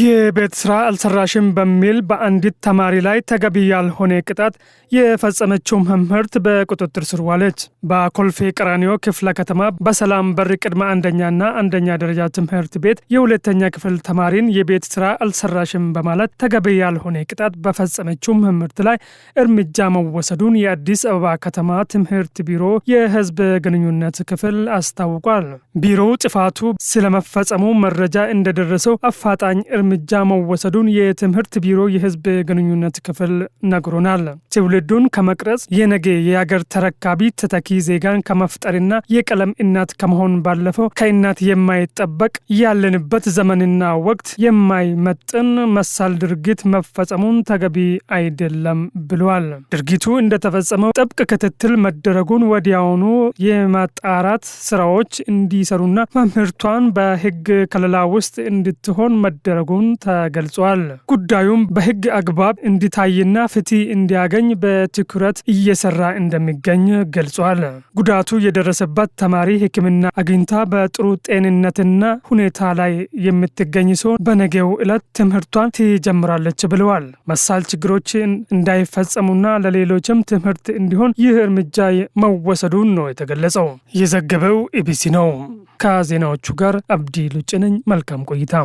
የቤት ስራ አልሰራሽም በሚል በአንዲት ተማሪ ላይ ተገቢ ያልሆነ ቅጣት የፈጸመችው መምህርት በቁጥጥር ስር ዋለች። በኮልፌ ቀራኒዮ ክፍለ ከተማ በሰላም በር ቅድመ አንደኛና አንደኛ ደረጃ ትምህርት ቤት የሁለተኛ ክፍል ተማሪን የቤት ስራ አልሰራሽም በማለት ተገቢ ያልሆነ ቅጣት በፈጸመችው መምህርት ላይ እርምጃ መወሰዱን የአዲስ አበባ ከተማ ትምህርት ቢሮ የህዝብ ግንኙነት ክፍል አስታውቋል። ቢሮው ጥፋቱ ስለመፈጸሙ መረጃ እንደደረሰው አፋጣኝ እርምጃ መወሰዱን የትምህርት ቢሮ የህዝብ ግንኙነት ክፍል ነግሮናል። ትውልዱን ከመቅረጽ የነገ የአገር ተረካቢ ተተኪ ዜጋን ከመፍጠርና የቀለም እናት ከመሆን ባለፈው ከእናት የማይጠበቅ ያለንበት ዘመንና ወቅት የማይመጥን መሳል ድርጊት መፈጸሙን ተገቢ አይደለም ብለዋል። ድርጊቱ እንደተፈጸመው ጥብቅ ክትትል መደረጉን ወዲያውኑ የማጣራት ስራዎች እንዲሰሩና መምህርቷን በህግ ከለላ ውስጥ እንድትሆን መደረጉ መደረጉን ተገልጿል። ጉዳዩም በህግ አግባብ እንዲታይና ፍትህ እንዲያገኝ በትኩረት እየሰራ እንደሚገኝ ገልጿል። ጉዳቱ የደረሰባት ተማሪ ሕክምና አግኝታ በጥሩ ጤንነትና ሁኔታ ላይ የምትገኝ ሲሆን በነገው ዕለት ትምህርቷን ትጀምራለች ብለዋል። መሳል ችግሮች እንዳይፈጸሙና ለሌሎችም ትምህርት እንዲሆን ይህ እርምጃ መወሰዱን ነው የተገለጸው። የዘገበው ኢቢሲ ነው። ከዜናዎቹ ጋር አብዲ ሉጭነኝ መልካም ቆይታ